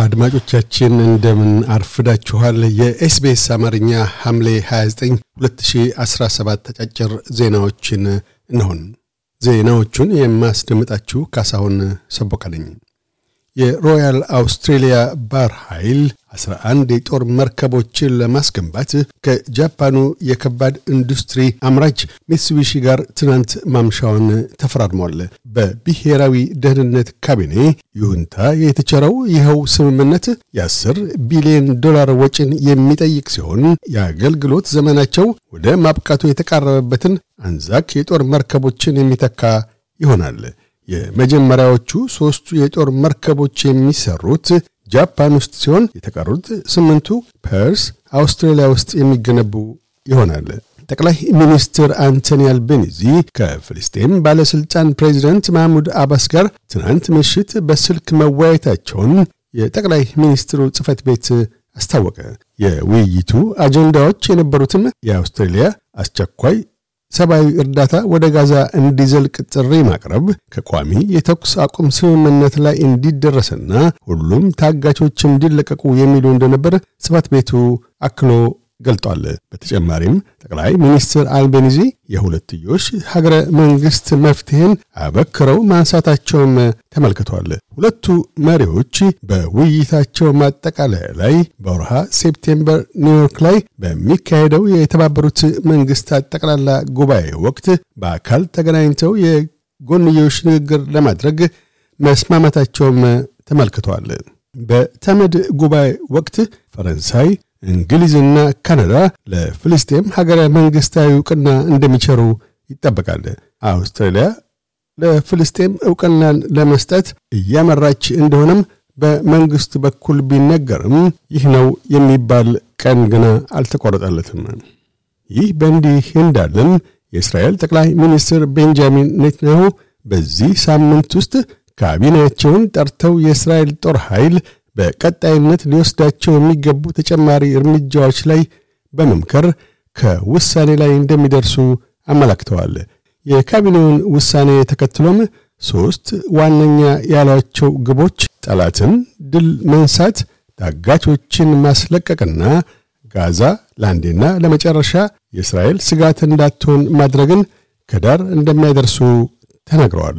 አድማጮቻችን እንደምን አርፍዳችኋል። የኤስቤስ አማርኛ ሐምሌ 29 2017 ተጫጭር ዜናዎችን እነሆን። ዜናዎቹን የማስደምጣችሁ ካሳሁን ሰቦቃ የሮያል አውስትሬሊያ ባር ኃይል 11 የጦር መርከቦችን ለማስገንባት ከጃፓኑ የከባድ ኢንዱስትሪ አምራች ሚትሱቢሺ ጋር ትናንት ማምሻውን ተፈራርሟል። በብሔራዊ ደህንነት ካቢኔ ይሁንታ የተቸረው ይኸው ስምምነት የ10 ቢሊዮን ዶላር ወጪን የሚጠይቅ ሲሆን የአገልግሎት ዘመናቸው ወደ ማብቃቱ የተቃረበበትን አንዛክ የጦር መርከቦችን የሚተካ ይሆናል። የመጀመሪያዎቹ ሦስቱ የጦር መርከቦች የሚሰሩት ጃፓን ውስጥ ሲሆን የተቀሩት ስምንቱ ፐርስ፣ አውስትራሊያ ውስጥ የሚገነቡ ይሆናል። ጠቅላይ ሚኒስትር አንቶኒ አልቤኒዚ ከፍልስጤም ባለሥልጣን ፕሬዚደንት ማህሙድ አባስ ጋር ትናንት ምሽት በስልክ መወያየታቸውን የጠቅላይ ሚኒስትሩ ጽህፈት ቤት አስታወቀ። የውይይቱ አጀንዳዎች የነበሩትን የአውስትሬሊያ አስቸኳይ ሰብአዊ እርዳታ ወደ ጋዛ እንዲዘልቅ ጥሪ ማቅረብ ከቋሚ የተኩስ አቁም ስምምነት ላይ እንዲደረስና ሁሉም ታጋቾች እንዲለቀቁ የሚሉ እንደነበር ጽፈት ቤቱ አክሎ ገልጧል። በተጨማሪም ጠቅላይ ሚኒስትር አልቤኒዚ የሁለትዮሽ ሀገረ መንግስት መፍትሄን አበክረው ማንሳታቸውም ተመልክቷል። ሁለቱ መሪዎች በውይይታቸው ማጠቃለያ ላይ በወርሃ ሴፕቴምበር ኒውዮርክ ላይ በሚካሄደው የተባበሩት መንግስታት ጠቅላላ ጉባኤ ወቅት በአካል ተገናኝተው የጎንዮሽ ንግግር ለማድረግ መስማማታቸውም ተመልክቷል። በተመድ ጉባኤ ወቅት ፈረንሳይ እንግሊዝና ካናዳ ለፍልስጤም ሀገረ መንግሥታዊ እውቅና እንደሚቸሩ ይጠበቃል። አውስትራሊያ ለፍልስጤም እውቅናን ለመስጠት እያመራች እንደሆነም በመንግሥት በኩል ቢነገርም ይህ ነው የሚባል ቀን ግና አልተቆረጠለትም ይህ በእንዲህ እንዳለም የእስራኤል ጠቅላይ ሚኒስትር ቤንጃሚን ኔትንያሁ በዚህ ሳምንት ውስጥ ካቢኔያቸውን ጠርተው የእስራኤል ጦር ኃይል በቀጣይነት ሊወስዳቸው የሚገቡ ተጨማሪ እርምጃዎች ላይ በመምከር ከውሳኔ ላይ እንደሚደርሱ አመላክተዋል። የካቢኔውን ውሳኔ ተከትሎም ሦስት ዋነኛ ያሏቸው ግቦች ጠላትን ድል መንሳት፣ ታጋቾችን ማስለቀቅና ጋዛ ለአንዴና ለመጨረሻ የእስራኤል ስጋት እንዳትሆን ማድረግን ከዳር እንደሚያደርሱ ተናግረዋል።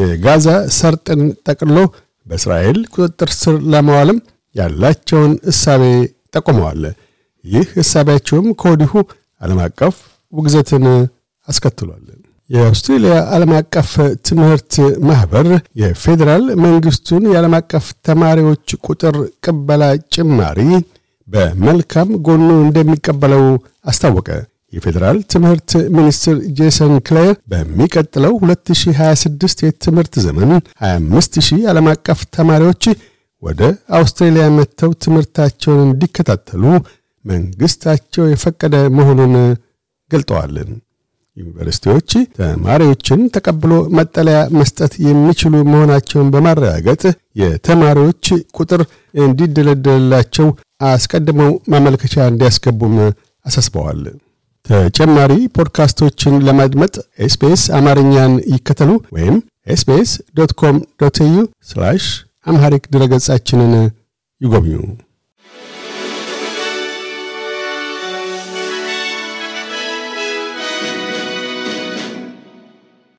የጋዛ ሰርጥን ጠቅሎ በእስራኤል ቁጥጥር ስር ለመዋልም ያላቸውን እሳቤ ጠቁመዋል። ይህ እሳቤያቸውም ከወዲሁ ዓለም አቀፍ ውግዘትን አስከትሏል። የአውስትሬልያ ዓለም አቀፍ ትምህርት ማኅበር የፌዴራል መንግሥቱን የዓለም አቀፍ ተማሪዎች ቁጥር ቅበላ ጭማሪ በመልካም ጎኑ እንደሚቀበለው አስታወቀ። የፌዴራል ትምህርት ሚኒስትር ጄሰን ክሌር በሚቀጥለው 2026 የትምህርት ዘመን ሺህ ዓለም አቀፍ ተማሪዎች ወደ አውስትሬልያ መጥተው ትምህርታቸውን እንዲከታተሉ መንግሥታቸው የፈቀደ መሆኑን ገልጠዋል። ዩኒቨርስቲዎች ተማሪዎችን ተቀብሎ መጠለያ መስጠት የሚችሉ መሆናቸውን በማረጋገጥ የተማሪዎች ቁጥር እንዲደለደልላቸው አስቀድመው ማመልከቻ እንዲያስገቡም አሳስበዋል። ተጨማሪ ፖድካስቶችን ለማድመጥ ኤስቤስ አማርኛን ይከተሉ ወይም ኤስቤስ ዶት ኮም ዶት አምሃሪክ ድረገጻችንን ይጎብኙ።